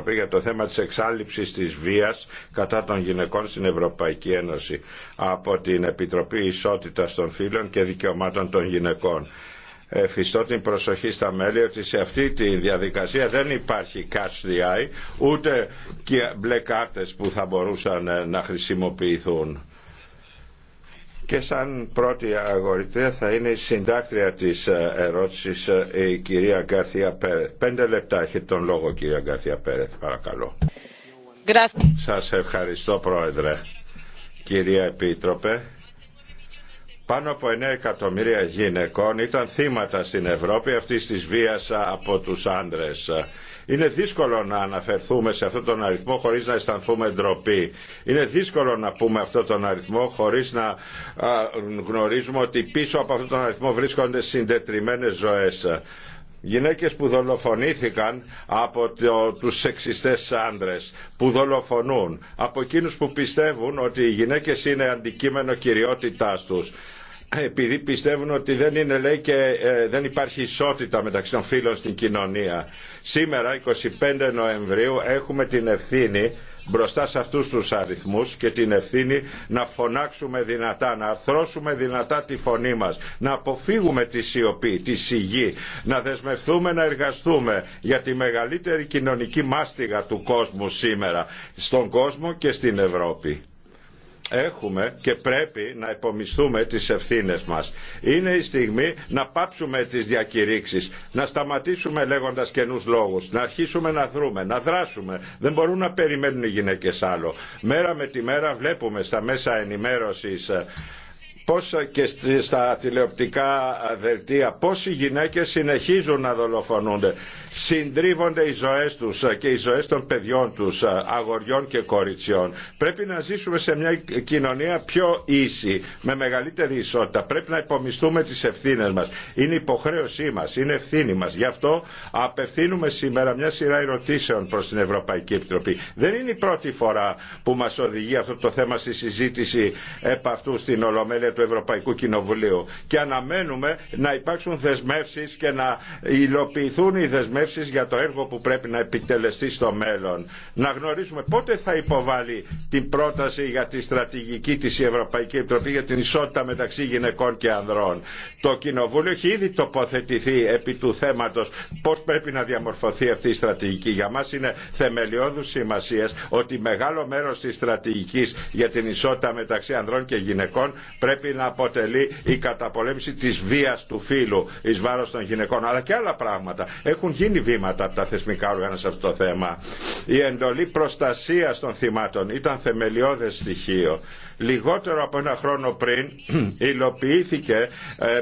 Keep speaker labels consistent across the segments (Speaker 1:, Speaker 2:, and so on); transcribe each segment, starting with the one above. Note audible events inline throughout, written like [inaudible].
Speaker 1: Επιτροπή για το θέμα της εξάλληψης της βίας κατά των γυναικών στην Ευρωπαϊκή Ένωση από την Επιτροπή Ισότητας των Φίλων και Δικαιωμάτων των Γυναικών. Εφιστώ την προσοχή στα μέλη ότι σε αυτή τη διαδικασία δεν υπάρχει catch the eye ούτε και μπλε κάρτες που θα μπορούσαν να χρησιμοποιηθούν. Και σαν πρώτη αγορητή θα είναι η συντάκτρια της ε, ερώτησης ε, η κυρία Γκαρθία Πέρεθ. Πέντε λεπτά έχετε τον λόγο κυρία Γκαρθία Πέρεθ, παρακαλώ. Σας ευχαριστώ πρόεδρε. Κυρία Επίτροπε, πάνω από 9 εκατομμύρια γυναικών ήταν θύματα στην Ευρώπη αυτής της βίας ε, από τους άντρες είναι δύσκολο να αναφερθούμε σε αυτόν τον αριθμό χωρίς να αισθανθούμε ντροπή. Είναι δύσκολο να πούμε αυτόν τον αριθμό χωρίς να γνωρίζουμε ότι πίσω από αυτόν τον αριθμό βρίσκονται συντετριμένες ζωές γυναίκες που δολοφονήθηκαν από το, τους σεξιστές άντρες που δολοφονούν από εκείνους που πιστεύουν ότι οι γυναίκες είναι αντικείμενο κυριότητάς τους επειδή πιστεύουν ότι δεν είναι λέει ε, δεν υπάρχει ισότητα μεταξύ των φίλων στην κοινωνία. Σήμερα 25 Νοεμβρίου έχουμε την ευθύνη μπροστά σε αυτούς τους αριθμούς και την ευθύνη να φωνάξουμε δυνατά, να αρθρώσουμε δυνατά τη φωνή μας, να αποφύγουμε τη σιωπή, τη σιγή, να δεσμευτούμε να εργαστούμε για τη μεγαλύτερη κοινωνική μάστιγα του κόσμου σήμερα, στον κόσμο και στην Ευρώπη έχουμε και πρέπει να υπομισθούμε τις ευθύνες μας. Είναι η στιγμή να πάψουμε τις διακηρύξεις, να σταματήσουμε λέγοντας καινούς λόγους, να αρχίσουμε να δρούμε, να δράσουμε. Δεν μπορούν να περιμένουν οι γυναίκες άλλο. Μέρα με τη μέρα βλέπουμε στα μέσα ενημέρωσης πώς ε, και στα τηλεοπτικά δελτία πώς οι γυναίκες συνεχίζουν να δολοφονούνται. Συντρίβονται οι ζωές τους ε, και οι ζωές των παιδιών τους, ε, αγοριών και κοριτσιών. Πρέπει να ζήσουμε σε μια κοινωνία πιο ίση, με μεγαλύτερη ισότητα. Πρέπει να υπομισθούμε τις ευθύνες μας. Είναι υποχρέωσή μας, είναι ευθύνη μας. Γι' αυτό απευθύνουμε σήμερα μια σειρά ερωτήσεων προς την Ευρωπαϊκή Επιτροπή. Δεν είναι η πρώτη φορά που μας οδηγεί αυτό το θέμα στη συζήτηση επ' αυτού στην Ολομέλεια του Ευρωπαϊκού Κοινοβουλίου και αναμένουμε να υπάρξουν δεσμεύσει και να υλοποιηθούν οι δεσμεύσει για το έργο που πρέπει να επιτελεστεί στο μέλλον. Να γνωρίζουμε πότε θα υποβάλει την πρόταση για τη στρατηγική της η Ευρωπαϊκή Επιτροπή για την ισότητα μεταξύ γυναικών και ανδρών. Το Κοινοβούλιο έχει ήδη τοποθετηθεί επί του θέματος πώς πρέπει να διαμορφωθεί αυτή η στρατηγική. Για μας είναι θεμελιώδους σημασίας ότι μεγάλο μέρος της στρατηγικής για την ισότητα μεταξύ ανδρών και γυναικών πρέπει πρέπει να αποτελεί η καταπολέμηση της βίας του φύλου εις βάρος των γυναικών αλλά και άλλα πράγματα. Έχουν γίνει βήματα από τα θεσμικά όργανα σε αυτό το θέμα. Η εντολή προστασίας των θυμάτων ήταν θεμελιώδες στοιχείο Λιγότερο από ένα χρόνο πριν [clears throat] υλοποιήθηκε, ε,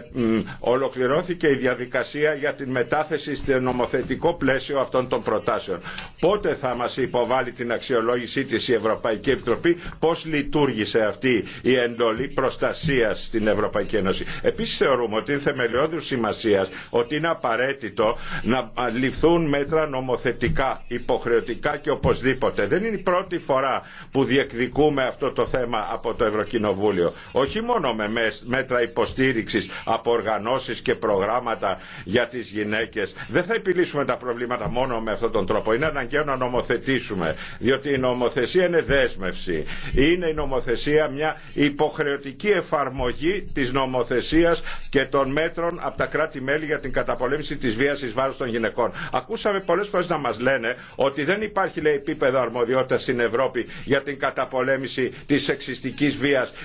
Speaker 1: ολοκληρώθηκε η διαδικασία για την μετάθεση στο νομοθετικό πλαίσιο αυτών των προτάσεων. Πότε θα μας υποβάλει την αξιολόγησή της η Ευρωπαϊκή Επιτροπή, πώς λειτουργήσε αυτή η εντολή προστασίας στην Ευρωπαϊκή Ένωση. Επίσης θεωρούμε ότι είναι θεμελιώδους σημασίας ότι είναι απαραίτητο να ληφθούν μέτρα νομοθετικά, υποχρεωτικά και οπωσδήποτε. Δεν είναι η πρώτη φορά που διεκδικούμε αυτό το θέμα από το Ευρωκοινοβούλιο. Όχι μόνο με μέτρα υποστήριξης από οργανώσεις και προγράμματα για τις γυναίκες. Δεν θα επιλύσουμε τα προβλήματα μόνο με αυτόν τον τρόπο. Είναι αναγκαίο να νομοθετήσουμε. Διότι η νομοθεσία είναι δέσμευση. Είναι η νομοθεσία μια υποχρεωτική εφαρμογή της νομοθεσίας και των μέτρων από τα κράτη-μέλη για την καταπολέμηση της βίας εις βάρος των γυναικών. Ακούσαμε πολλές φορές να μας λένε ότι δεν υπάρχει λέει, επίπεδο αρμοδιότητας στην Ευρώπη για την καταπολέμηση της σεξιστικής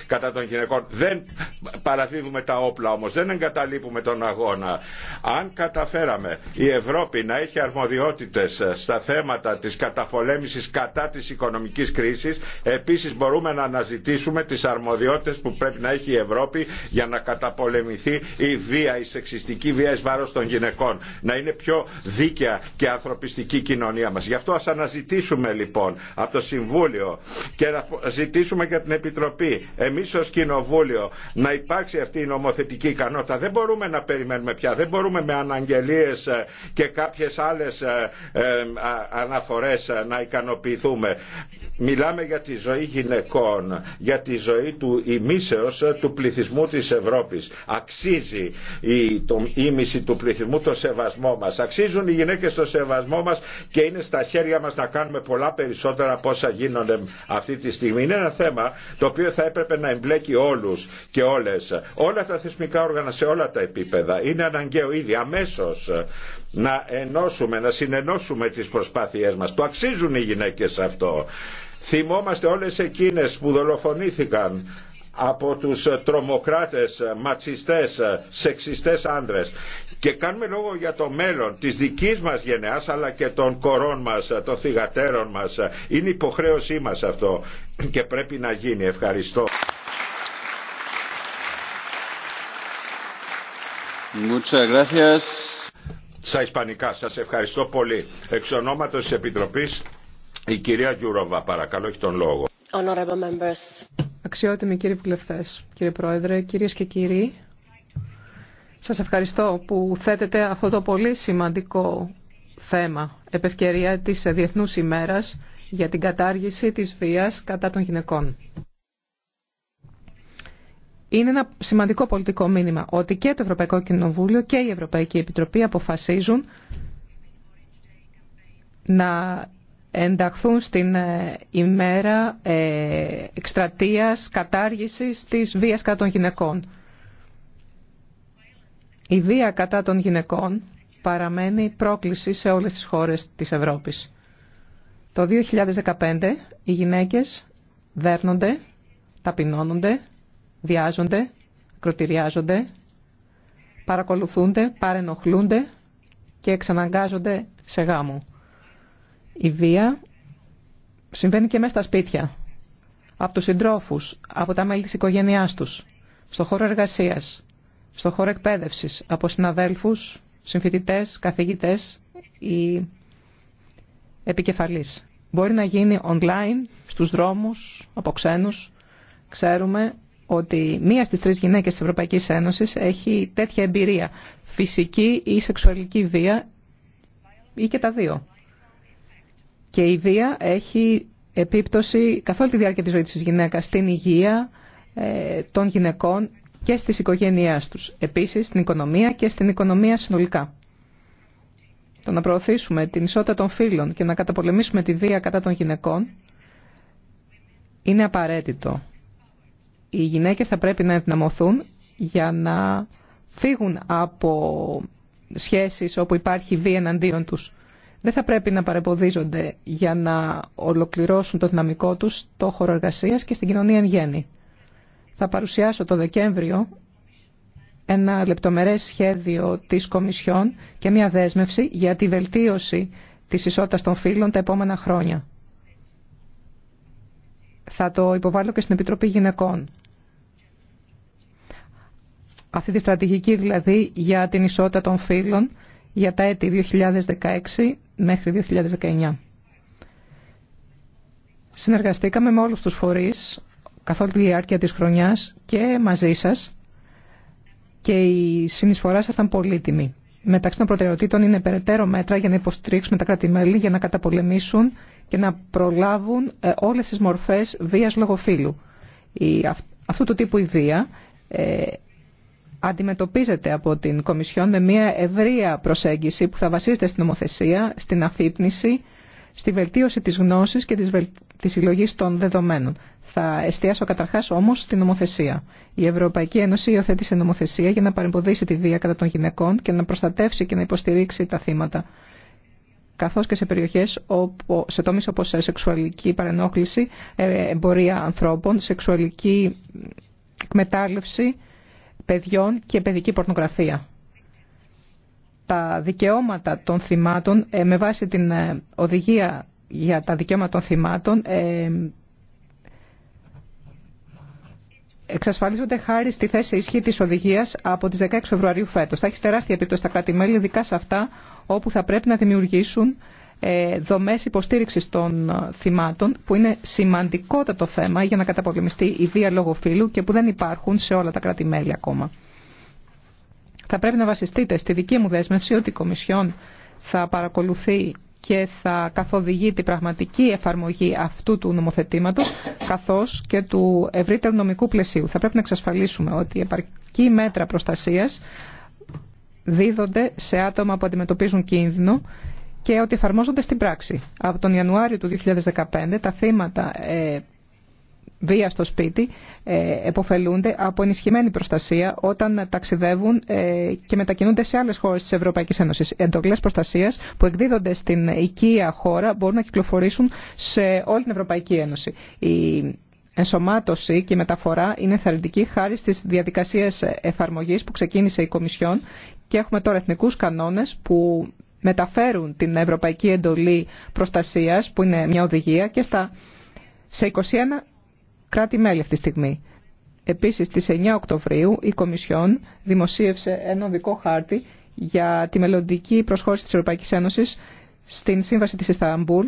Speaker 1: κατά των γυναικών. Δεν παραδίδουμε τα όπλα όμως, δεν εγκαταλείπουμε τον αγώνα. Αν καταφέραμε η Ευρώπη να έχει αρμοδιότητες στα θέματα της καταπολέμησης κατά της οικονομικής κρίσης, επίσης μπορούμε να αναζητήσουμε τις αρμοδιότητες που πρέπει να έχει η Ευρώπη για να καταπολεμηθεί η βία, η σεξιστική βία εις βάρος των γυναικών. Να είναι πιο δίκαια και ανθρωπιστική κοινωνία μας. Γι' αυτό ας αναζητήσουμε λοιπόν από το Συμβούλιο και να ζητήσουμε για την Επιτροπή Επιτροπή, εμείς ως Κοινοβούλιο να υπάρξει αυτή η νομοθετική ικανότητα. Δεν μπορούμε να περιμένουμε πια, δεν μπορούμε με αναγγελίες ε, και κάποιες άλλες ε, ε, αναφορές να ικανοποιηθούμε. Μιλάμε για τη ζωή γυναικών, για τη ζωή του ημίσεως του πληθυσμού της Ευρώπης. Αξίζει η, το ήμιση του πληθυσμού το σεβασμό μας. Αξίζουν οι γυναίκες το σεβασμό μας και είναι στα χέρια μας να κάνουμε πολλά περισσότερα από όσα γίνονται αυτή τη στιγμή. Είναι ένα θέμα το οποίο θα έπρεπε να εμπλέκει όλους και όλες. Όλα τα θεσμικά όργανα σε όλα τα επίπεδα. Είναι αναγκαίο ήδη αμέσως να ενώσουμε, να συνενώσουμε τις προσπάθειές μας. Το αξίζουν οι γυναίκες αυτό. Θυμόμαστε όλες εκείνες που δολοφονήθηκαν από τους ε, τρομοκράτες, ε, ματσιστές, ε, σεξιστές άνδρες και κάνουμε λόγο για το μέλλον της δικής μας γενεάς αλλά και των κορών μας, των θυγατέρων μας. Είναι υποχρέωσή μας αυτό και πρέπει να γίνει. Ευχαριστώ. Σα ισπανικά σας ευχαριστώ πολύ. Εξ ονόματος της Επιτροπής η κυρία Γιούροβα παρακαλώ έχει τον λόγο.
Speaker 2: Αξιότιμοι κύριοι βουλευτέ, κύριε Πρόεδρε, κυρίες και κύριοι, σας ευχαριστώ που θέτετε αυτό το πολύ σημαντικό θέμα επευκαιρία της διεθνού ημέρας για την κατάργηση της βίας κατά των γυναικών. Είναι ένα σημαντικό πολιτικό μήνυμα ότι και το Ευρωπαϊκό Κοινοβούλιο και η Ευρωπαϊκή Επιτροπή αποφασίζουν να ενταχθούν στην ε, ημέρα ε, εκστρατείας κατάργησης της βίας κατά των γυναικών. Η βία κατά των γυναικών παραμένει πρόκληση σε όλες τις χώρες της Ευρώπης. Το 2015 οι γυναίκες δέρνονται, ταπεινώνονται, βιάζονται, κροτηριάζονται, παρακολουθούνται, παρενοχλούνται και εξαναγκάζονται σε γάμο. Η βία συμβαίνει και μέσα στα σπίτια, από τους συντρόφους, από τα μέλη της οικογένειάς τους, στο χώρο εργασίας, στο χώρο εκπαίδευσης, από συναδέλφους, συμφοιτητές, καθηγητές ή επικεφαλής. Μπορεί να γίνει online, στους δρόμους, από ξένους. Ξέρουμε ότι μία στις τρεις γυναίκες της Ευρωπαϊκής Ένωσης έχει τέτοια εμπειρία, φυσική ή σεξουαλική βία ή και τα δύο. Και η βία έχει επίπτωση καθ' τη διάρκεια της ζωής της γυναίκας στην υγεία ε, των γυναικών και στις οικογένειάς τους. Επίσης στην οικονομία και στην οικονομία συνολικά. Το να προωθήσουμε την ισότητα των φίλων και να καταπολεμήσουμε τη βία κατά των γυναικών είναι απαραίτητο. Οι γυναίκες θα πρέπει να ενδυναμωθούν για να φύγουν από σχέσεις όπου υπάρχει βία εναντίον τους δεν θα πρέπει να παρεμποδίζονται για να ολοκληρώσουν το δυναμικό τους στο χώρο εργασία και στην κοινωνία εν γέννη. Θα παρουσιάσω το Δεκέμβριο ένα λεπτομερές σχέδιο της Κομισιόν και μια δέσμευση για τη βελτίωση της ισότητας των φύλων τα επόμενα χρόνια. Θα το υποβάλω και στην Επιτροπή Γυναικών. Αυτή τη στρατηγική δηλαδή για την ισότητα των φύλων για τα έτη 2016 μέχρι 2019. Συνεργαστήκαμε με όλους τους φορείς καθόλου τη διάρκεια της χρονιάς και μαζί σας και η συνεισφορά σας ήταν πολύτιμη. Μεταξύ των προτεραιοτήτων είναι περαιτέρω μέτρα για να υποστηρίξουμε τα κρατη για να καταπολεμήσουν και να προλάβουν ε, όλες τις μορφές βίας λογοφύλου. Η, αυτού του τύπου η βία ε, αντιμετωπίζεται από την Κομισιόν με μια ευρεία προσέγγιση που θα βασίζεται στην νομοθεσία, στην αφύπνιση, στη βελτίωση της γνώσης και της, συλλογής των δεδομένων. Θα εστιάσω καταρχάς όμως στην νομοθεσία. Η Ευρωπαϊκή Ένωση υιοθέτησε νομοθεσία για να παρεμποδίσει τη βία κατά των γυναικών και να προστατεύσει και να υποστηρίξει τα θύματα καθώς και σε περιοχές σε τόμεις όπως σε σεξουαλική παρενόχληση, ε, εμπορία ανθρώπων, σεξουαλική εκμετάλλευση, παιδιών και παιδική πορνογραφία. Τα δικαιώματα των θυμάτων ε, με βάση την ε, οδηγία για τα δικαιώματα των θυμάτων ε, εξασφαλίζονται χάρη στη θέση ισχύ της οδηγίας από τις 16 Φεβρουαρίου φέτος. Θα έχει τεράστια επίπτωση στα κράτη-μέλη, ειδικά σε αυτά όπου θα πρέπει να δημιουργήσουν ε, δομές υποστήριξης των ε, θυμάτων που είναι σημαντικότατο θέμα για να καταπολεμιστεί η βία λόγω φύλου και που δεν υπάρχουν σε όλα τα κράτη-μέλη ακόμα. Θα πρέπει να βασιστείτε στη δική μου δέσμευση ότι η Κομισιόν θα παρακολουθεί και θα καθοδηγεί την πραγματική εφαρμογή αυτού του νομοθετήματος καθώς και του ευρύτερου νομικού πλαισίου. Θα πρέπει να εξασφαλίσουμε ότι επαρκή μέτρα προστασίας δίδονται σε άτομα που αντιμετωπίζουν κίνδυνο και ότι εφαρμόζονται στην πράξη. Από τον Ιανουάριο του 2015 τα θύματα ε, βία στο σπίτι ε, εποφελούνται από ενισχυμένη προστασία όταν ταξιδεύουν ε, και μετακινούνται σε άλλες χώρες της Ευρωπαϊκής Ένωσης. Εντολές προστασίας που εκδίδονται στην οικία χώρα μπορούν να κυκλοφορήσουν σε όλη την Ευρωπαϊκή Ένωση. Η ενσωμάτωση και η μεταφορά είναι θεραπευτική χάρη στις διαδικασίες εφαρμογής που ξεκίνησε η Κομισιόν και έχουμε τώρα εθνικούς κανόνες που μεταφέρουν την Ευρωπαϊκή Εντολή Προστασίας, που είναι μια οδηγία, και στα, σε 21 κράτη-μέλη αυτή τη στιγμή. Επίσης, στις 9 Οκτωβρίου η Κομισιόν δημοσίευσε ένα οδικό χάρτη για τη μελλοντική προσχώρηση της Ευρωπαϊκής Ένωσης στην Σύμβαση της Ισταμπούλ,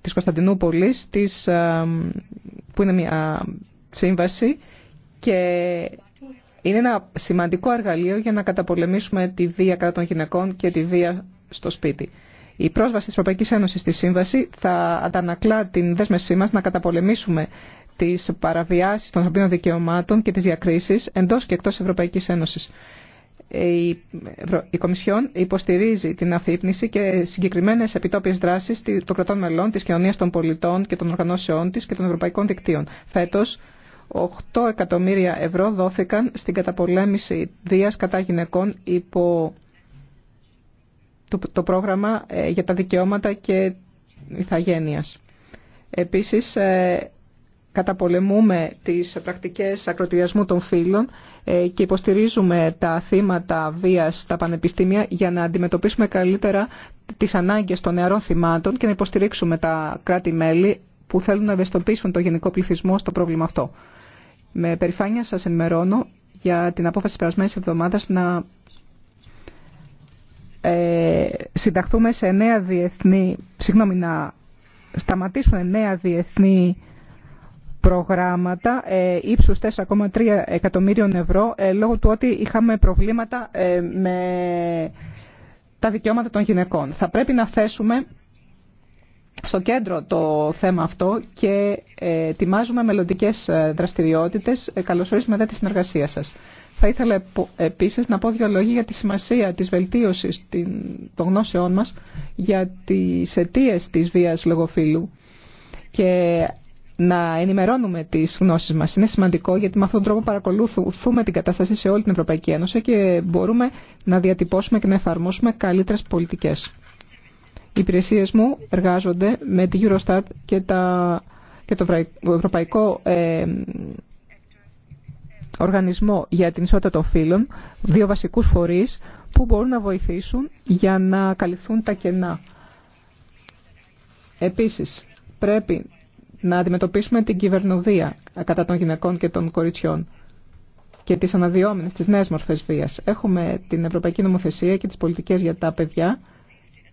Speaker 2: της Κωνσταντινούπολης, της, ε, που είναι μια σύμβαση και είναι ένα σημαντικό εργαλείο για να καταπολεμήσουμε τη βία κατά των γυναικών και τη βία στο σπίτι. Η πρόσβαση της Ευρωπαϊκής Ένωσης στη Σύμβαση θα αντανακλά την δέσμευσή μας να καταπολεμήσουμε τις παραβιάσεις των ανθρωπίνων δικαιωμάτων και τις διακρίσεις εντός και εκτός Ευρωπαϊκής Ένωσης. Ε, η Κομισιόν υποστηρίζει την αφύπνιση και συγκεκριμένες επιτόπιες δράσεις των κρατών μελών, της κοινωνίας των πολιτών και των οργανώσεών της και των ευρωπαϊκών δικτύων. Φέτος, 8 εκατομμύρια ευρώ δόθηκαν στην καταπολέμηση βίας κατά γυναικών υπό το πρόγραμμα ε, για τα δικαιώματα και ηθαγένειας. Επίσης, ε, καταπολεμούμε τις πρακτικές ακροτηριασμού των φύλων ε, και υποστηρίζουμε τα θύματα βίας στα πανεπιστήμια για να αντιμετωπίσουμε καλύτερα τις ανάγκες των νεαρών θυμάτων και να υποστηρίξουμε τα κράτη-μέλη που θέλουν να ευαισθητοποιήσουν το γενικό πληθυσμό στο πρόβλημα αυτό. Με περηφάνεια σας ενημερώνω για την απόφαση της περασμένης εβδομάδας να ε, συνταχθούμε σε νέα διεθνή, συγγνώμη, να σταματήσουν νέα διεθνή προγράμματα ε, ύψους 4,3 εκατομμύριων ευρώ ε, λόγω του ότι είχαμε προβλήματα ε, με τα δικαιώματα των γυναικών. Θα πρέπει να θέσουμε στο κέντρο το θέμα αυτό και ετοιμάζουμε μελλοντικές δραστηριότητες. Ε, καλωσορίζουμε δε τη συνεργασία σας. Θα ήθελα επίσης να πω δύο λόγια για τη σημασία της βελτίωσης των γνώσεών μας για τις αιτίε της βίας λογοφύλου και να ενημερώνουμε τις γνώσεις μας. Είναι σημαντικό γιατί με αυτόν τον τρόπο παρακολουθούμε την κατάσταση σε όλη την Ευρωπαϊκή Ένωση και μπορούμε να διατυπώσουμε και να εφαρμόσουμε καλύτερες πολιτικές. Οι υπηρεσίες μου εργάζονται με τη Eurostat και, τα, το Ευρωπαϊκό ε, Οργανισμό για την Ισότητα των Φύλων, δύο βασικούς φορείς που μπορούν να βοηθήσουν για να καλυφθούν τα κενά. Επίσης, πρέπει να αντιμετωπίσουμε την κυβερνοδία κατά των γυναικών και των κοριτσιών και τις αναδυόμενες, τις νέες μορφές βίας. Έχουμε την Ευρωπαϊκή Νομοθεσία και τις πολιτικές για τα παιδιά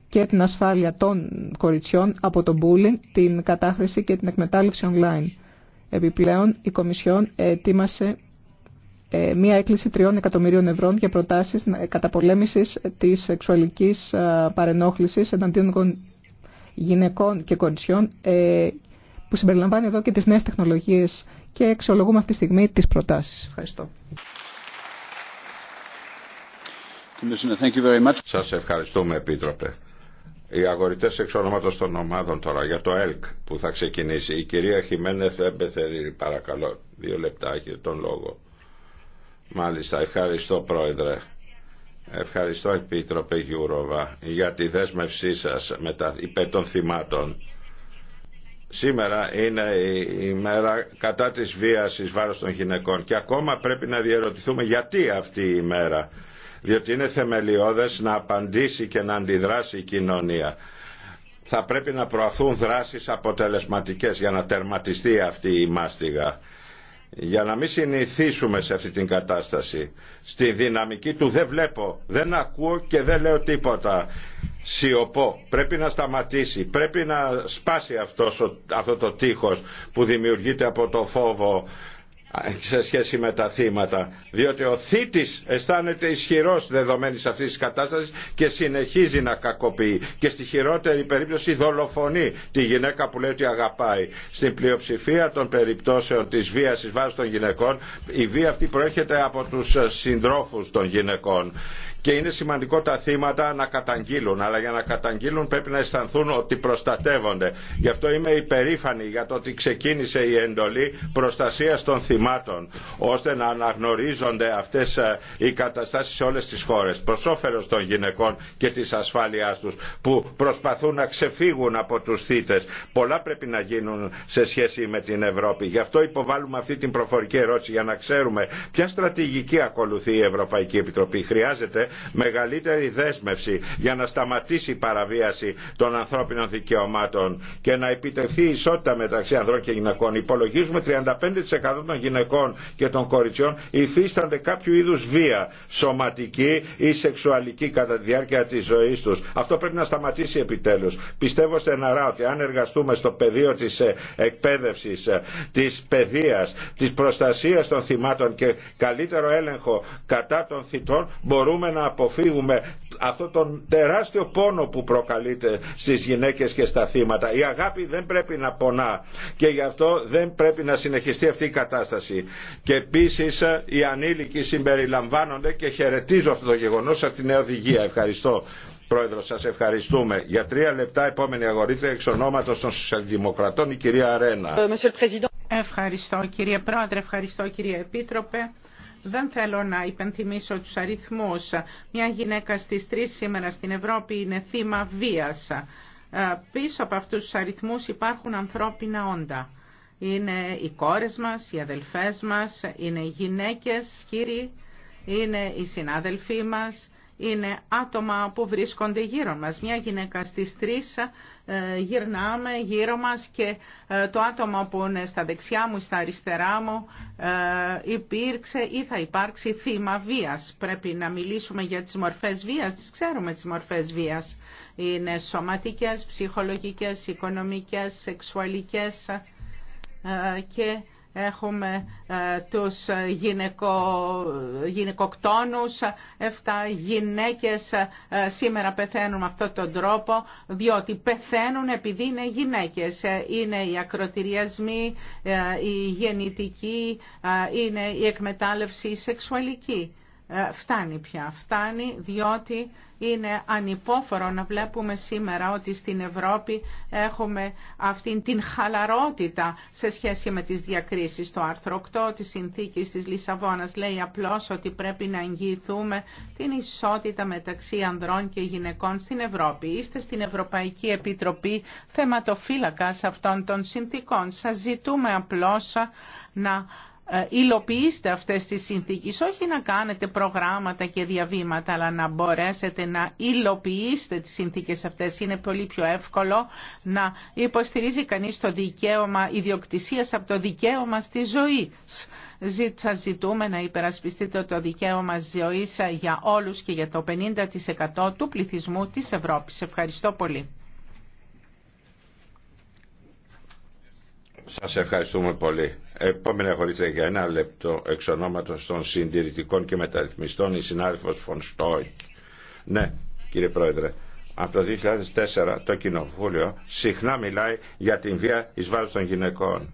Speaker 2: και την ασφάλεια των κοριτσιών από τον bullying, την κατάχρηση και την εκμετάλλευση online. Επιπλέον, η Κομισιόν ετοίμασε ε, μία έκκληση 3 εκατομμυρίων ευρώ για προτάσεις καταπολέμησης της σεξουαλικής παρενόχλησης εναντίον γυναικών και κοριτσιών ε, που συμπεριλαμβάνει εδώ και τις νέες τεχνολογίες και εξολογούμε αυτή τη στιγμή τις προτάσεις. Ευχαριστώ.
Speaker 1: Σας ευχαριστούμε Επίτροπε. Οι αγορητέ εξ ονόματο των ομάδων τώρα για το ΕΛΚ που θα ξεκινήσει. Η κυρία Χιμένεθ Εμπεθερή, παρακαλώ. Δύο λεπτά έχει τον λόγο. Μάλιστα, ευχαριστώ Πρόεδρε. Ευχαριστώ Επίτροπε Γιούροβα για τη δέσμευσή σας με τα υπέρ των θυμάτων. Σήμερα είναι η μέρα κατά της βίας εις βάρος των γυναικών και ακόμα πρέπει να διερωτηθούμε γιατί αυτή η μέρα. Διότι είναι θεμελιώδες να απαντήσει και να αντιδράσει η κοινωνία. Θα πρέπει να προαθούν δράσεις αποτελεσματικές για να τερματιστεί αυτή η μάστιγα για να μην συνηθίσουμε σε αυτή την κατάσταση, στη δυναμική του δεν βλέπω, δεν ακούω και δεν λέω τίποτα. Σιωπώ. Πρέπει να σταματήσει. Πρέπει να σπάσει αυτό το τείχος που δημιουργείται από το φόβο σε σχέση με τα θύματα. Διότι ο θήτης αισθάνεται ισχυρός δεδομένης αυτής της κατάστασης και συνεχίζει να κακοποιεί. Και στη χειρότερη περίπτωση δολοφονεί τη γυναίκα που λέει ότι αγαπάει. Στην πλειοψηφία των περιπτώσεων της βίας εις των γυναικών η βία αυτή προέρχεται από τους συντρόφους των γυναικών και είναι σημαντικό τα θύματα να καταγγείλουν. Αλλά για να καταγγείλουν πρέπει να αισθανθούν ότι προστατεύονται. Γι' αυτό είμαι υπερήφανη για το ότι ξεκίνησε η εντολή προστασία των θυμάτων, ώστε να αναγνωρίζονται αυτέ ε, οι καταστάσει σε όλε τι χώρε. Προ όφελο των γυναικών και τη ασφάλειά του, που προσπαθούν να ξεφύγουν από του θήτε Πολλά πρέπει να γίνουν σε σχέση με την Ευρώπη. Γι' αυτό υποβάλλουμε αυτή την προφορική ερώτηση για να ξέρουμε ποια στρατηγική ακολουθεί η Ευρωπαϊκή Επιτροπή. Χρειάζεται μεγαλύτερη δέσμευση για να σταματήσει η παραβίαση των ανθρώπινων δικαιωμάτων και να επιτευχθεί η ισότητα μεταξύ ανδρών και γυναικών. Υπολογίζουμε 35% των γυναικών και των κοριτσιών υφίστανται κάποιο είδου βία σωματική ή σεξουαλική κατά τη διάρκεια τη ζωή του. Αυτό πρέπει να σταματήσει επιτέλου. Πιστεύω στεναρά ότι αν εργαστούμε στο πεδίο τη ε, εκπαίδευση, ε, τη παιδεία, τη προστασία των θυμάτων και καλύτερο έλεγχο κατά των θητών, μπορούμε να να αποφύγουμε αυτό τον τεράστιο πόνο που προκαλείται στις γυναίκες και στα θύματα. Η αγάπη δεν πρέπει να πονά και γι' αυτό δεν πρέπει να συνεχιστεί αυτή η κατάσταση. Και επίσης οι ανήλικοι συμπεριλαμβάνονται και χαιρετίζω αυτό το γεγονός σε νέα οδηγία. Ευχαριστώ. Πρόεδρο, σας ευχαριστούμε. Για τρία λεπτά επόμενη αγορήτρια εξ ονόματος των Σοσιαλδημοκρατών η κυρία Αρένα.
Speaker 3: Ε, ευχαριστώ κύριε Πρόεδρε, ευχαριστώ κύριε Επίτροπε. Δεν θέλω να υπενθυμίσω τους αριθμούς. Μια γυναίκα στις τρεις σήμερα στην Ευρώπη είναι θύμα βίας. Ε, πίσω από αυτούς τους αριθμούς υπάρχουν ανθρώπινα όντα. Είναι οι κόρες μας, οι αδελφές μας, είναι οι γυναίκες, κύριοι, είναι οι συνάδελφοί μας, είναι άτομα που βρίσκονται γύρω μας. Μια γυναίκα στις τρεις ε, γυρνάμε γύρω μας και ε, το άτομο που είναι στα δεξιά μου, στα αριστερά μου ε, υπήρξε ή θα υπάρξει θύμα βίας. Πρέπει να μιλήσουμε για τις μορφές βίας, τις ξέρουμε τις μορφές βίας. Είναι σωματικές, ψυχολογικές, οικονομικές, σεξουαλικές και Έχουμε ε, τους γυναικο, γυναικοκτόνους, 7 γυναίκες ε, σήμερα πεθαίνουν με αυτόν τον τρόπο, διότι πεθαίνουν επειδή είναι γυναίκες. Ε, είναι οι ακροτηριασμοί, η γεννητική, είναι η εκμετάλλευση η σεξουαλική. Ε, φτάνει πια. Φτάνει διότι είναι ανυπόφορο να βλέπουμε σήμερα ότι στην Ευρώπη έχουμε αυτήν την χαλαρότητα σε σχέση με τις διακρίσεις. Το άρθρο 8 της συνθήκης της Λισαβόνας λέει απλώς ότι πρέπει να εγγυηθούμε την ισότητα μεταξύ ανδρών και γυναικών στην Ευρώπη. Είστε στην Ευρωπαϊκή Επιτροπή θεματοφύλακας αυτών των συνθήκων. Σας ζητούμε απλώς να ε, υλοποιήστε αυτές τις συνθήκες, όχι να κάνετε προγράμματα και διαβήματα, αλλά να μπορέσετε να υλοποιήσετε τις συνθήκες αυτές. Είναι πολύ πιο εύκολο να υποστηρίζει κανείς το δικαίωμα ιδιοκτησίας από το δικαίωμα στη ζωή. Σας ζητούμε να υπερασπιστείτε το δικαίωμα ζωής για όλους και για το 50% του πληθυσμού της Ευρώπης. Ευχαριστώ πολύ.
Speaker 1: Σας ευχαριστούμε πολύ. Επόμενα χωρίς για ένα λεπτό εξ ονόματος των συντηρητικών και μεταρρυθμιστών η συνάδελφος Φων Ναι, κύριε Πρόεδρε. Από το 2004 το Κοινοβούλιο συχνά μιλάει για την βία εις βάρος των γυναικών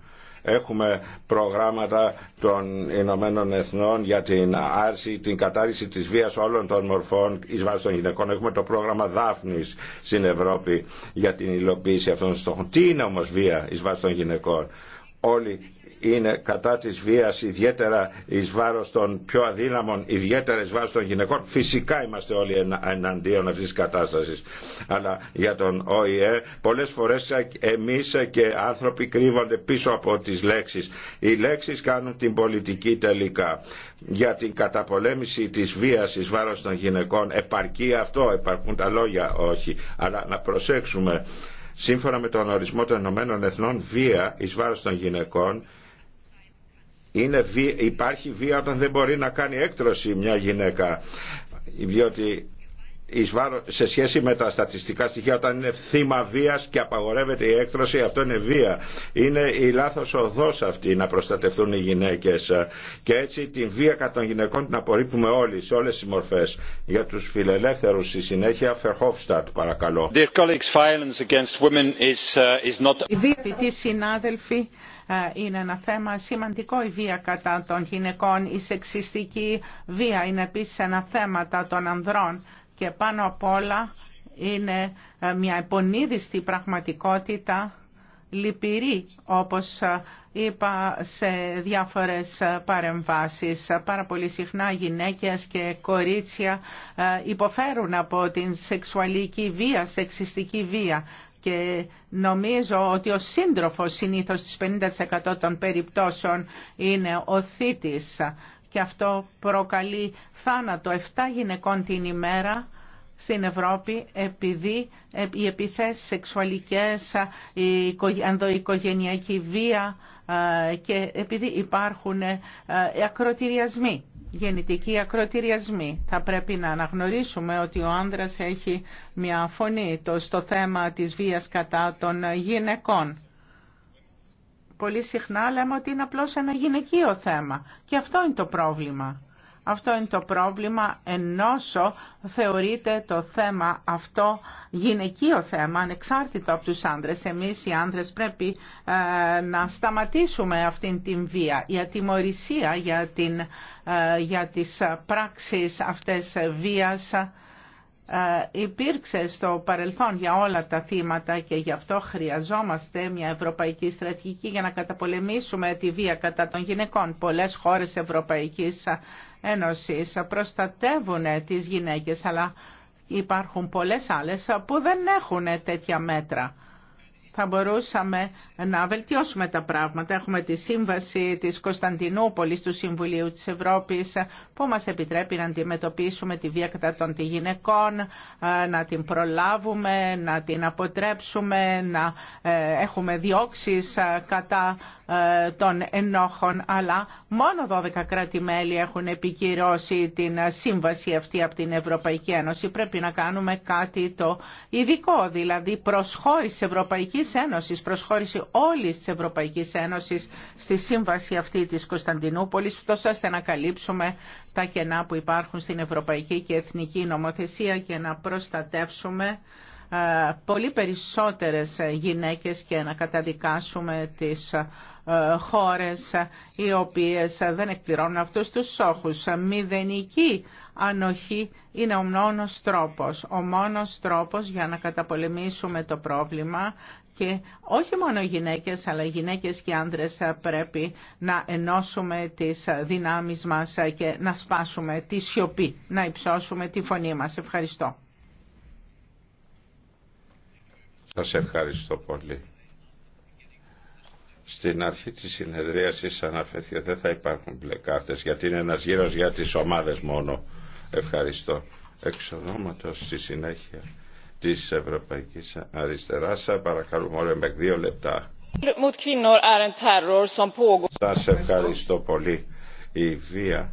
Speaker 1: Έχουμε προγράμματα των Ηνωμένων Εθνών για την άρση, την κατάρριση της βίας όλων των μορφών εις βάση των γυναικών. Έχουμε το πρόγραμμα Δάφνης στην Ευρώπη για την υλοποίηση αυτών των στόχων. Τι είναι όμως βία εις βάση των γυναικών είναι κατά της βίας ιδιαίτερα εις βάρος των πιο αδύναμων, ιδιαίτερα εις βάρος των γυναικών. Φυσικά είμαστε όλοι εναντίον αυτής της κατάστασης. Αλλά για τον ΟΗΕ πολλές φορές εμείς και άνθρωποι κρύβονται πίσω από τις λέξεις. Οι λέξεις κάνουν την πολιτική τελικά. Για την καταπολέμηση της βίας εις βάρος των γυναικών επαρκεί αυτό, επαρκούν τα λόγια όχι. Αλλά να προσέξουμε Σύμφωνα με τον ορισμό των Ηνωμένων Εθνών, βία εις βάρος των γυναικών είναι υπάρχει βία όταν δεν μπορεί να κάνει έκτρωση μια γυναίκα διότι σε σχέση με τα στατιστικά στοιχεία όταν είναι θύμα βία και απαγορεύεται η έκτρωση αυτό είναι βία είναι η λάθος οδός αυτή να προστατευτούν οι γυναίκες και έτσι την βία κατά των γυναικών την απορρίπτουμε όλοι σε όλες τις μορφές για τους φιλελεύθερου, στη συνέχεια Φερχόφστατ παρακαλώ
Speaker 3: Οι συνάδελφοι ε, είναι ένα θέμα σημαντικό η βία κατά των γυναικών, η σεξιστική βία είναι επίσης ένα θέμα των ανδρών και πάνω απ' όλα είναι ε, μια επονίδιστη πραγματικότητα λυπηρή, όπως ε, είπα σε διάφορες παρεμβάσεις. Πάρα πολύ συχνά γυναίκες και κορίτσια υποφέρουν από την σεξουαλική βία, σεξιστική βία και νομίζω ότι ο σύντροφος συνήθως στις 50% των περιπτώσεων είναι ο θήτης και αυτό προκαλεί θάνατο 7 γυναικών την ημέρα στην Ευρώπη επειδή οι επιθέσεις σεξουαλικές, η ανδοοικογενειακή βία και επειδή υπάρχουν ε, ακροτηριασμοί, γεννητικοί ακροτηριασμοί. Θα πρέπει να αναγνωρίσουμε ότι ο άνδρας έχει μια φωνή στο θέμα της βίας κατά των γυναικών. Πολύ συχνά λέμε ότι είναι απλώς ένα γυναικείο θέμα και αυτό είναι το πρόβλημα. Αυτό είναι το πρόβλημα ενώσο θεωρείται το θέμα αυτό γυναικείο θέμα, ανεξάρτητα από τους άνδρες. Εμείς οι άνδρες πρέπει ε, να σταματήσουμε αυτήν την βία. Η ατιμορρησία για, την, ε, για τις πράξεις αυτές βίας ε, υπήρξε στο παρελθόν για όλα τα θύματα και γι' αυτό χρειαζόμαστε μια ευρωπαϊκή στρατηγική για να καταπολεμήσουμε τη βία κατά των γυναικών. Πολλές χώρες Ευρωπαϊκής Ένωσης προστατεύουν τις γυναίκες, αλλά υπάρχουν πολλές άλλες που δεν έχουν τέτοια μέτρα θα μπορούσαμε να βελτιώσουμε τα πράγματα. Έχουμε τη σύμβαση της Κωνσταντινούπολης του Συμβουλίου της Ευρώπης που μας επιτρέπει να αντιμετωπίσουμε τη βία κατά των γυναικών, να την προλάβουμε, να την αποτρέψουμε, να ε, έχουμε διώξεις κατά ε, των ενόχων, αλλά μόνο 12 κράτη-μέλη έχουν επικυρώσει την σύμβαση αυτή από την Ευρωπαϊκή Ένωση. Πρέπει να κάνουμε κάτι το ειδικό, δηλαδή προσχώρηση Ευρωπαϊκή προσχώρηση όλης της Ευρωπαϊκής Ένωσης στη σύμβαση αυτή της Κωνσταντινούπολης, ώστε να καλύψουμε τα κενά που υπάρχουν στην ευρωπαϊκή και εθνική νομοθεσία και να προστατεύσουμε πολύ περισσότερες γυναίκες και να καταδικάσουμε τις χώρες οι οποίες δεν εκπληρώνουν αυτούς τους στόχους. Μηδενική ανοχή είναι ο μόνο τρόπος. Ο μόνος τρόπος για να καταπολεμήσουμε το πρόβλημα και όχι μόνο γυναίκες αλλά γυναίκες και οι άνδρες πρέπει να ενώσουμε τις δυνάμεις μας και να σπάσουμε τη σιωπή, να υψώσουμε τη φωνή μας. Ευχαριστώ.
Speaker 1: Σας ευχαριστώ πολύ. Στην αρχή της συνεδρίασης αναφέρθηκε δεν θα υπάρχουν μπλε γιατί είναι ένας γύρος για τις ομάδες μόνο. Ευχαριστώ. Εξ ονόματος στη συνέχεια της Ευρωπαϊκής Αριστεράς. Παρακαλούμε όλοι με δύο λεπτά. Σας ευχαριστώ πολύ. Η βία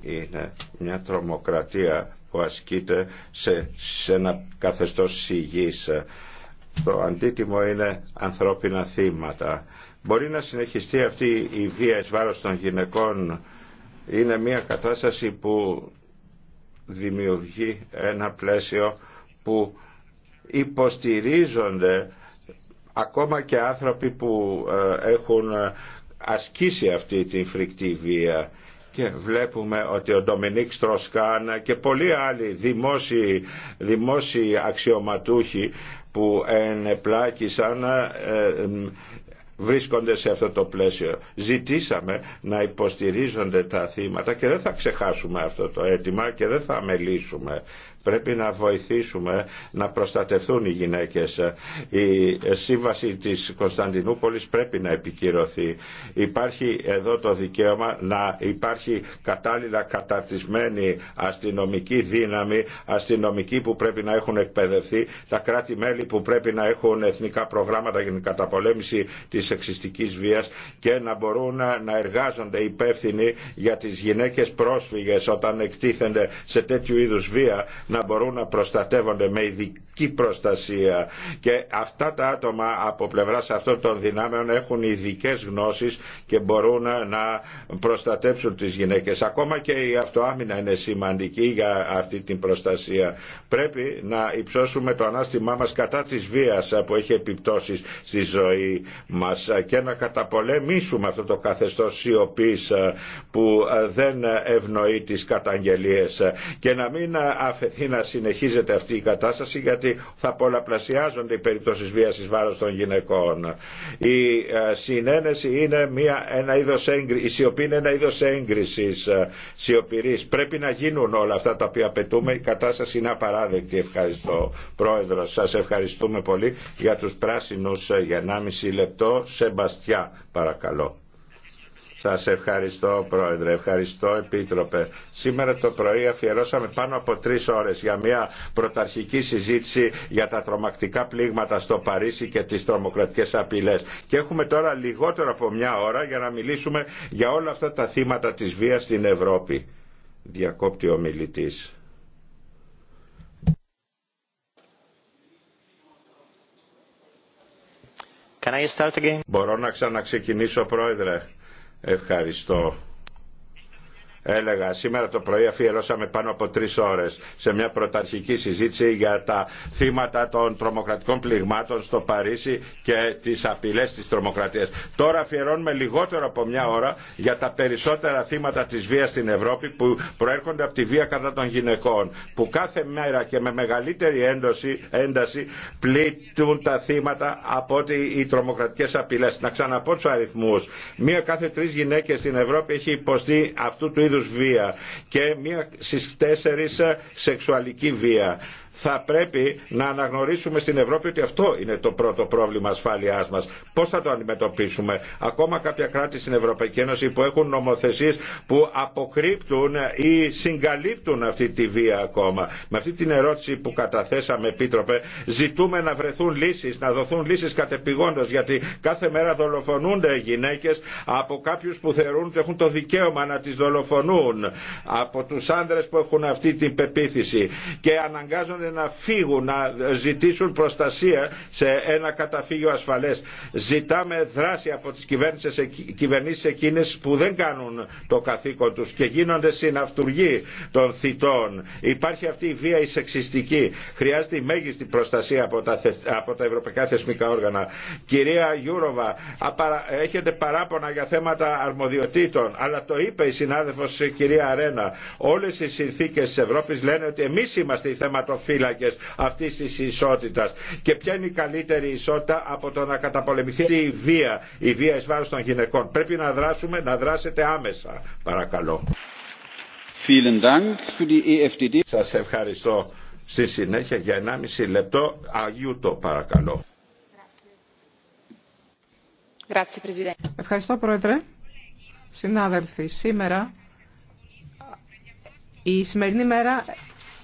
Speaker 1: είναι μια τρομοκρατία που ασκείται σε, σε ένα καθεστώς σιγής. Το αντίτιμο είναι ανθρώπινα θύματα. Μπορεί να συνεχιστεί αυτή η βία εις βάρος των γυναικών. Είναι μια κατάσταση που δημιουργεί ένα πλαίσιο που υποστηρίζονται ακόμα και άνθρωποι που ε, έχουν ε, ασκήσει αυτή τη φρικτή βία και βλέπουμε ότι ο Ντομινίκ Στροσκάν και πολλοί άλλοι δημόσιοι, δημόσιοι αξιωματούχοι που ενεπλάκησαν ε, βρίσκονται σε αυτό το πλαίσιο. Ζητήσαμε να υποστηρίζονται τα θύματα και δεν θα ξεχάσουμε αυτό το αίτημα και δεν θα αμελήσουμε. Πρέπει να βοηθήσουμε να προστατευτούν οι γυναίκες. Η σύμβαση της Κωνσταντινούπολης πρέπει να επικυρωθεί. Υπάρχει εδώ το δικαίωμα να υπάρχει κατάλληλα καταρτισμένη αστυνομική δύναμη, αστυνομικοί που πρέπει να έχουν εκπαιδευτεί, τα κράτη-μέλη που πρέπει να έχουν εθνικά προγράμματα για την καταπολέμηση της εξιστικής βίας και να μπορούν να εργάζονται υπεύθυνοι για τις γυναίκες πρόσφυγες όταν εκτίθενται σε τέτοιου είδους βία να μπορούν να προστατεύονται με ειδική προστασία και αυτά τα άτομα από πλευράς αυτών των δυνάμεων έχουν ειδικέ γνώσεις και μπορούν να προστατέψουν τις γυναίκες. Ακόμα και η αυτοάμυνα είναι σημαντική για αυτή την προστασία. Πρέπει να υψώσουμε το ανάστημά μας κατά της βίας που έχει επιπτώσει στη ζωή μας και να καταπολεμήσουμε αυτό το καθεστώς σιωπή που δεν ευνοεί τις καταγγελίες και να μην αφαιθεί να συνεχίζεται αυτή η κατάσταση γιατί θα πολλαπλασιάζονται οι περιπτώσεις βίας εις βάρος των γυναικών. Η ε, συνένεση είναι μια, ένα είδος έγκριση, η σιωπή είναι ένα είδος έγκρισης ε, σιωπηρής. Πρέπει να γίνουν όλα αυτά τα οποία απαιτούμε. Η κατάσταση είναι απαράδεκτη. Ευχαριστώ πρόεδρο Σας ευχαριστούμε πολύ για τους πράσινους ε, για 1,5 λεπτό. Σεμπαστιά παρακαλώ. Σας ευχαριστώ Πρόεδρε, ευχαριστώ Επίτροπε. Σήμερα το πρωί αφιερώσαμε πάνω από τρεις ώρες για μια πρωταρχική συζήτηση για τα τρομακτικά πλήγματα στο Παρίσι και τις τρομοκρατικές απειλές. Και έχουμε τώρα λιγότερο από μια ώρα για να μιλήσουμε για όλα αυτά τα θύματα της βίας στην Ευρώπη. Διακόπτει ο μιλητής. Μπορώ να ξαναξεκινήσω, Πρόεδρε. Ευχαριστώ. Έλεγα, σήμερα το πρωί αφιερώσαμε πάνω από τρει ώρε σε μια πρωταρχική συζήτηση για τα θύματα των τρομοκρατικών πληγμάτων στο Παρίσι και τι απειλέ τη τρομοκρατία. Τώρα αφιερώνουμε λιγότερο από μια ώρα για τα περισσότερα θύματα τη βία στην Ευρώπη που προέρχονται από τη βία κατά των γυναικών. Που κάθε μέρα και με μεγαλύτερη ένταση, ένταση πλήττουν τα θύματα από ότι οι τρομοκρατικέ απειλέ. Να ξαναπώ του αριθμού. Μία κάθε τρει γυναίκε στην Ευρώπη έχει υποστεί αυτού του είδους βία και μία στις τέσσερις σεξουαλική βία θα πρέπει να αναγνωρίσουμε στην Ευρώπη ότι αυτό είναι το πρώτο πρόβλημα ασφάλειά μα. Πώ θα το αντιμετωπίσουμε. Ακόμα κάποια κράτη στην Ευρωπαϊκή Ένωση που έχουν νομοθεσίες που αποκρύπτουν ή συγκαλύπτουν αυτή τη βία ακόμα. Με αυτή την ερώτηση που καταθέσαμε επίτροπε ζητούμε να βρεθούν λύσει, να δοθούν λύσει κατεπηγόντω, γιατί κάθε μέρα δολοφονούνται γυναίκε από κάποιου που θεωρούν ότι έχουν το δικαίωμα να τι δολοφονούν από του άνδρε που έχουν αυτή την πεποίθηση και αναγκάζονται να φύγουν, να ζητήσουν προστασία σε ένα καταφύγιο ασφαλές. Ζητάμε δράση από τις κυβερνήσει κυβερνήσεις εκείνες που δεν κάνουν το καθήκον τους και γίνονται συναυτουργοί των θητών. Υπάρχει αυτή η βία η σεξιστική. Χρειάζεται η μέγιστη προστασία από τα, από τα ευρωπαϊκά θεσμικά όργανα. Κυρία Γιούροβα, έχετε παράπονα για θέματα αρμοδιοτήτων, αλλά το είπε η συνάδελφος ε, κυρία Αρένα. Όλες οι συνθήκες της Ευρώπης λένε ότι εμείς είμαστε οι θεματοφύλοι φύλακε αυτής της ισότητας. Και ποια είναι η καλύτερη ισότητα από το να καταπολεμηθεί η βία, η βία ει των γυναικών. Πρέπει να δράσουμε, να δράσετε άμεσα. Παρακαλώ. E Σα ευχαριστώ. Στη συνέχεια για 1,5 λεπτό Αγιούτο παρακαλώ.
Speaker 2: Ευχαριστώ Πρόεδρε. Συνάδελφοι, σήμερα η σημερινή μέρα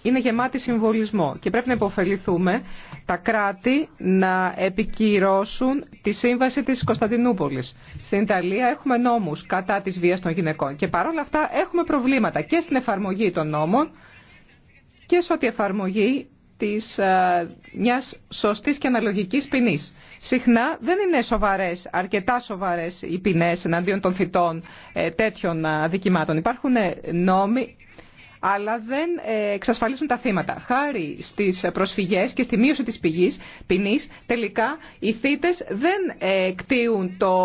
Speaker 2: είναι γεμάτη συμβολισμό και πρέπει να υποφεληθούμε τα κράτη να επικυρώσουν τη σύμβαση της Κωνσταντινούπολης. Στην Ιταλία έχουμε νόμους κατά της βίας των γυναικών και παρόλα αυτά έχουμε προβλήματα και στην εφαρμογή των νόμων και σε ό,τι εφαρμογή της ε, μιας σωστής και αναλογικής ποινή. Συχνά δεν είναι σοβαρές, αρκετά σοβαρές οι ποινές εναντίον των θητών ε, τέτοιων ε, δικημάτων. Υπάρχουν νόμοι αλλά δεν ε, εξασφαλίζουν τα θύματα. Χάρη στις προσφυγές και στη μείωση της πηγής, ποινής, τελικά οι θύτες δεν ε, εκτίουν το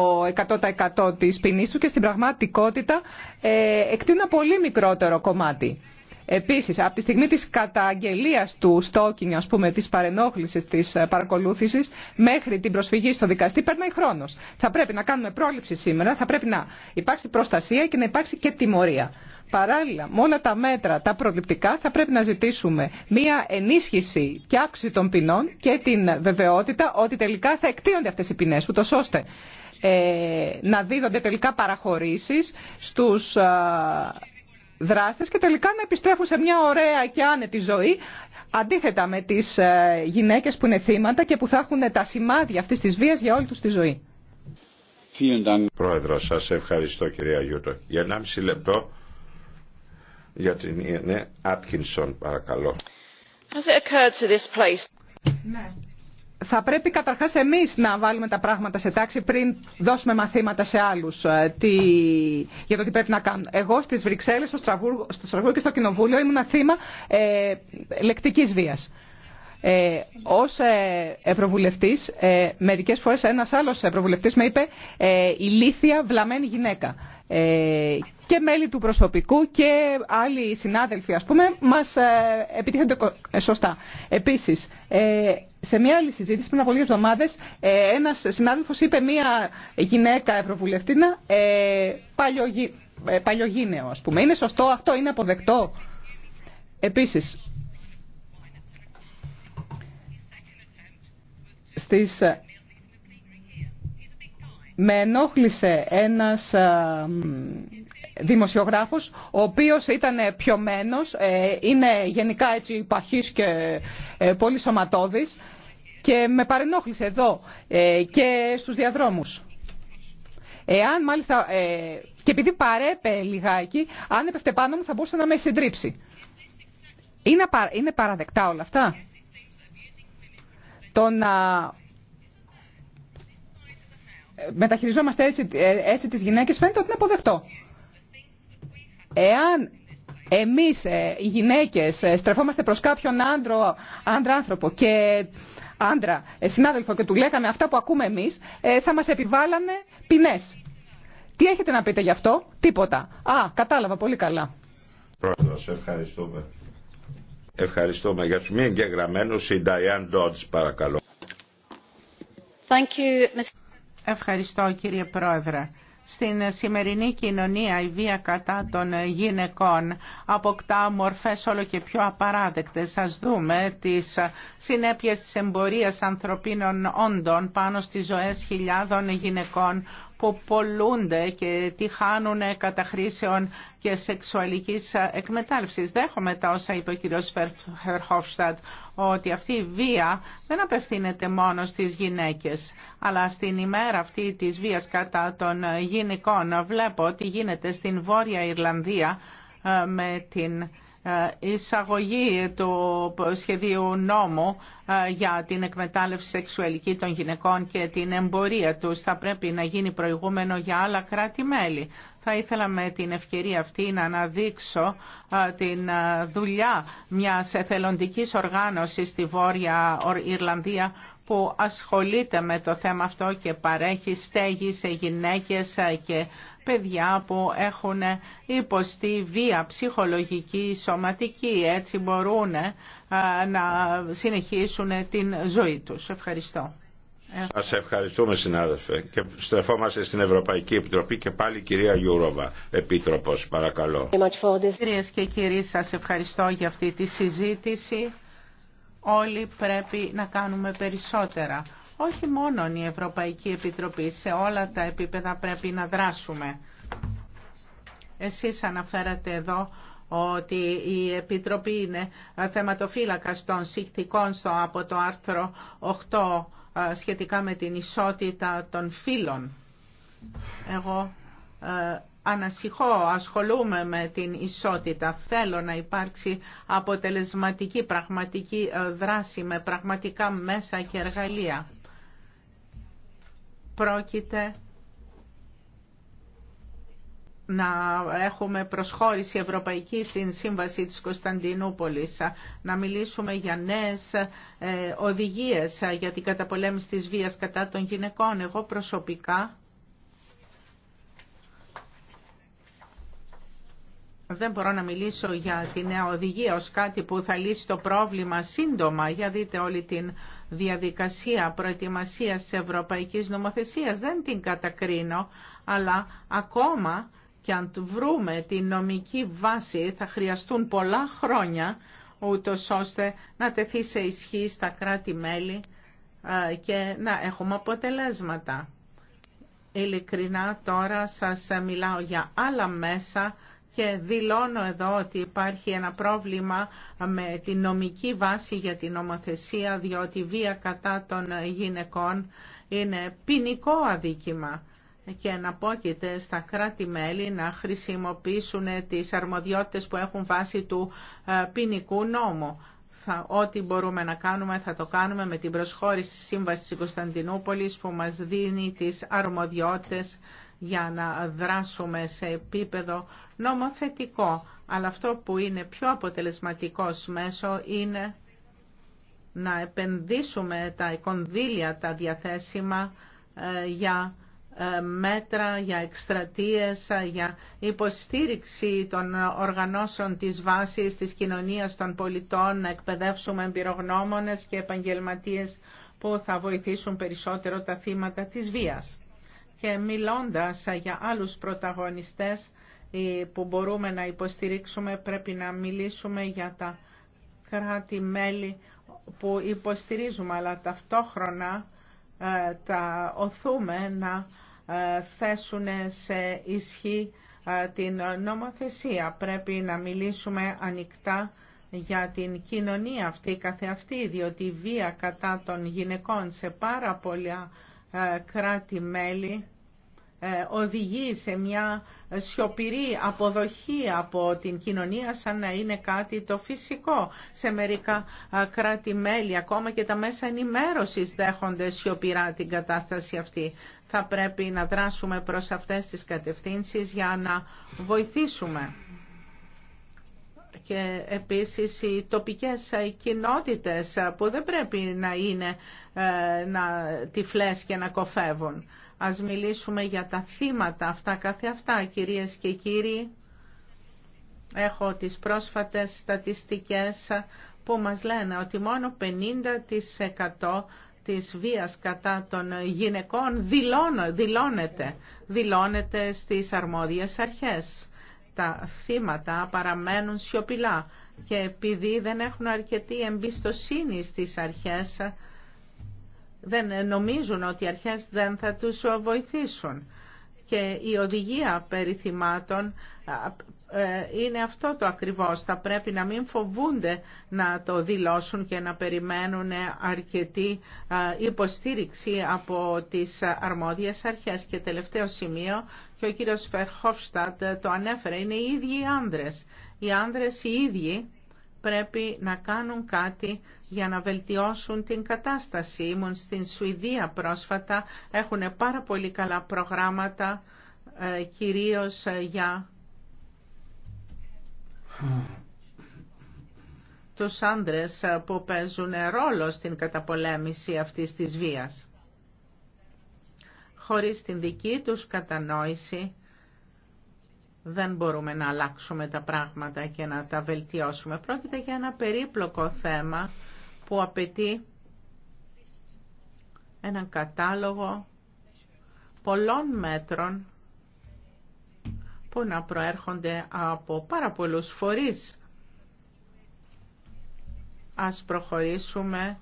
Speaker 2: 100% της ποινή του και στην πραγματικότητα ε, εκτίουν ένα πολύ μικρότερο κομμάτι. Επίσης, από τη στιγμή της καταγγελία του Στόκινγκ, α πούμε, τη παρενόχληση, της παρακολούθησης, μέχρι την προσφυγή στο δικαστή, παίρνει χρόνο. Θα πρέπει να κάνουμε πρόληψη σήμερα, θα πρέπει να υπάρξει προστασία και να υπάρξει και τιμωρία. Παράλληλα, με όλα τα μέτρα, τα προληπτικά, θα πρέπει να ζητήσουμε μία ενίσχυση και αύξηση των ποινών και την βεβαιότητα ότι τελικά θα εκτείονται αυτές οι ποινές, ούτως ώστε ε, να δίδονται τελικά παραχωρήσεις στους δράστες και τελικά να επιστρέφουν σε μια ωραία και άνετη ζωή αντίθετα με τις ε, γυναίκες που είναι θύματα και που θα έχουν τα σημάδια αυτής της βίας για όλη τους τη ζωή.
Speaker 1: Πρόεδρο, σας ευχαριστώ κυρία Γιούτο. λεπτό για την ναι, Άτκινσον, παρακαλώ.
Speaker 3: Has it occurred
Speaker 2: to this place? Ναι. Θα πρέπει καταρχάς εμείς να βάλουμε τα πράγματα σε τάξη πριν δώσουμε μαθήματα σε άλλους ε, τι... για το τι πρέπει να κάνουν. Εγώ στις Βρυξέλλες, στο Στραβούργο, στο Στραβούργο και στο Κοινοβούλιο ήμουν θύμα ε, λεκτικής βίας. Ε, ως ε, ευρωβουλευτής, ε, μερικές φορές ένας άλλος ευρωβουλευτής με είπε ε, «ηλίθια βλαμμένη γυναίκα». Ε, και μέλη του προσωπικού και άλλοι συνάδελφοι, ας πούμε, μας ε, επιτίθενται ε, σωστά. Επίσης, σε μια άλλη συζήτηση πριν από λίγες εβδομάδες, ένας συνάδελφος είπε μια γυναίκα ευρωβουλευτήνα παλιογι... παλιογίνεο, ας πούμε. Είναι σωστό αυτό, είναι αποδεκτό. Επίσης, με ενόχλησε ένας δημοσιογράφος, ο οποίος ήταν πιωμένος, ε, είναι γενικά έτσι παχής και ε, πολύ σωματώδης και με παρενόχλησε εδώ ε, και στους διαδρόμους. Εάν μάλιστα, και επειδή παρέπε λιγάκι, αν έπεφτε πάνω μου θα μπορούσε να με συντρίψει. Είναι, παραδεκτά όλα αυτά. Το να μεταχειριζόμαστε έτσι, ε, έτσι τις γυναίκες φαίνεται ότι είναι αποδεκτό. Εάν εμείς ε, οι γυναίκες ε, στρεφόμαστε προς κάποιον άντρο, άντρα άνθρωπο και άντρα συνάδελφο και του λέγαμε αυτά που ακούμε εμείς, θα μας επιβάλλανε ποινές. Τι έχετε να πείτε γι' αυτό, τίποτα. Α, κατάλαβα πολύ καλά.
Speaker 1: Πρόεδρος, ευχαριστούμε. Ευχαριστούμε για τους μη εγγεγραμμένους η Νταϊάν Ντότζ παρακαλώ.
Speaker 3: Thank you, Mr. Ευχαριστώ κύριε Πρόεδρε. Στην σημερινή κοινωνία η βία κατά των γυναικών αποκτά μορφές όλο και πιο απαράδεκτες. Σας δούμε τις συνέπειες της εμπορίας ανθρωπίνων όντων πάνω στις ζωές χιλιάδων γυναικών που πολλούνται και τι χάνουν χρήσεων και σεξουαλικής εκμετάλλευσης. Δέχομαι τα όσα είπε ο κ. Φερχόφστατ, ότι αυτή η βία δεν απευθύνεται μόνο στις γυναίκες, αλλά στην ημέρα αυτή της βίας κατά των γυναικών βλέπω ότι γίνεται στην Βόρεια Ιρλανδία ε, με την εισαγωγή του σχεδίου νόμου ε, για την εκμετάλλευση σεξουαλική των γυναικών και την εμπορία τους θα πρέπει να γίνει προηγούμενο για άλλα κράτη-μέλη. Θα ήθελα με την ευκαιρία αυτή να αναδείξω ε, την ε, δουλειά μιας εθελοντικής οργάνωσης στη Βόρεια Ιρλανδία που ασχολείται με το θέμα αυτό και παρέχει στέγη σε γυναίκες και παιδιά που έχουν υποστεί βία ψυχολογική, σωματική. Έτσι μπορούν ε, να συνεχίσουν την ζωή τους. Ευχαριστώ.
Speaker 1: Σα ευχαριστούμε συνάδελφε και στρεφόμαστε στην Ευρωπαϊκή Επιτροπή και πάλι κυρία Γιούροβα, Επίτροπος, παρακαλώ.
Speaker 3: Κυρίες και κύριοι, σας ευχαριστώ για αυτή τη συζήτηση όλοι πρέπει να κάνουμε περισσότερα. Όχι μόνο η Ευρωπαϊκή Επιτροπή, σε όλα τα επίπεδα πρέπει να δράσουμε. Εσείς αναφέρατε εδώ ότι η Επιτροπή είναι θεματοφύλακας των συχτικών στο, από το άρθρο 8 σχετικά με την ισότητα των φύλων. Εγώ Ανασυχώ, ασχολούμαι με την ισότητα. Θέλω να υπάρξει αποτελεσματική πραγματική ε, δράση με πραγματικά μέσα και εργαλεία. Πρόκειται να έχουμε προσχώρηση ευρωπαϊκή στην Σύμβαση της Κωνσταντινούπολης, να μιλήσουμε για νέες ε, οδηγίες για την καταπολέμηση της βίας κατά των γυναικών. Εγώ προσωπικά Δεν μπορώ να μιλήσω για τη νέα οδηγία ως κάτι που θα λύσει το πρόβλημα σύντομα. Για δείτε όλη την διαδικασία προετοιμασίας της ευρωπαϊκής νομοθεσίας. Δεν την κατακρίνω, αλλά ακόμα και αν βρούμε τη νομική βάση θα χρειαστούν πολλά χρόνια ούτω ώστε να τεθεί σε ισχύ στα κράτη-μέλη ε, και να έχουμε αποτελέσματα. Ειλικρινά τώρα σας μιλάω για άλλα μέσα και δηλώνω εδώ ότι υπάρχει ένα πρόβλημα με την νομική βάση για την νομοθεσία διότι η βία κατά των γυναικών είναι ποινικό αδίκημα και να στα κράτη-μέλη να χρησιμοποιήσουν τις αρμοδιότητες που έχουν βάση του ε, ποινικού νόμου. Θα, ό,τι μπορούμε να κάνουμε θα το κάνουμε με την προσχώρηση της Σύμβασης της Κωνσταντινούπολης που μας δίνει τις αρμοδιότητες για να δράσουμε σε επίπεδο νομοθετικό. Αλλά αυτό που είναι πιο αποτελεσματικό μέσο είναι να επενδύσουμε τα κονδύλια, τα διαθέσιμα ε, για ε, μέτρα, για εκστρατείες, ε, για υποστήριξη των οργανώσεων της βάσης, της κοινωνίας των πολιτών, να εκπαιδεύσουμε εμπειρογνώμονες και επαγγελματίες που θα βοηθήσουν περισσότερο τα θύματα της βίας και μιλώντας για άλλους πρωταγωνιστές ε, που μπορούμε να υποστηρίξουμε πρέπει να μιλήσουμε για τα κράτη-μέλη που υποστηρίζουμε αλλά ταυτόχρονα ε, τα οθούμε να ε, θέσουν σε ισχύ την νομοθεσία. Πρέπει να μιλήσουμε ανοιχτά για την κοινωνία αυτή καθεαυτή, διότι η βία κατά των γυναικών σε πάρα πολλά κράτη-μέλη ε, οδηγεί σε μια σιωπηρή αποδοχή από την κοινωνία σαν να είναι κάτι το φυσικό. Σε μερικά κράτη-μέλη, ακόμα και τα μέσα ενημέρωσης δέχονται σιωπηρά την κατάσταση αυτή. Θα πρέπει να δράσουμε προς αυτές τις κατευθύνσεις για να βοηθήσουμε και επίσης οι τοπικές κοινότητες που δεν πρέπει να είναι ε, να, τυφλές και να κοφεύουν. Ας μιλήσουμε για τα θύματα αυτά καθε αυτά κυρίες και κύριοι. Έχω τις πρόσφατες στατιστικές που μας λένε ότι μόνο 50% της βίας κατά των γυναικών δηλώνεται, δηλώνεται στις αρμόδιες αρχές τα θύματα παραμένουν σιωπηλά και επειδή δεν έχουν αρκετή εμπιστοσύνη στις αρχές, δεν νομίζουν ότι οι αρχές δεν θα τους βοηθήσουν. Και η οδηγία περί θυμάτων ε, είναι αυτό το ακριβώς. Θα πρέπει να μην φοβούνται να το δηλώσουν και να περιμένουν αρκετή ε, υποστήριξη από τις αρμόδιες αρχές. Και τελευταίο σημείο, και ο κύριος Φερχόφστατ το ανέφερε, είναι οι ίδιοι οι άνδρες. Οι άνδρες οι ίδιοι πρέπει να κάνουν κάτι για να βελτιώσουν την κατάσταση. Ήμουν στην Σουηδία πρόσφατα, έχουν πάρα πολύ καλά προγράμματα, ε, κυρίως για τους άντρες ε, που παίζουν ρόλο στην καταπολέμηση αυτής της βίας. Χωρίς την δική τους κατανόηση δεν μπορούμε να αλλάξουμε τα πράγματα και να τα βελτιώσουμε. Πρόκειται για ένα περίπλοκο θέμα που απαιτεί έναν κατάλογο πολλών μέτρων που να προέρχονται από πάρα πολλούς φορείς. Ας προχωρήσουμε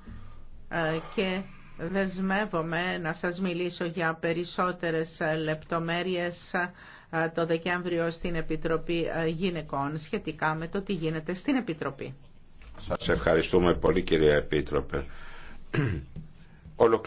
Speaker 3: ε, και δεσμεύομαι να σας μιλήσω για περισσότερες λεπτομέρειες ε, το Δεκέμβριο στην Επιτροπή ε, Γυναικών σχετικά με το τι γίνεται στην Επιτροπή.
Speaker 1: Σας ευχαριστούμε πολύ κυρία Επίτροπε. [clears throat]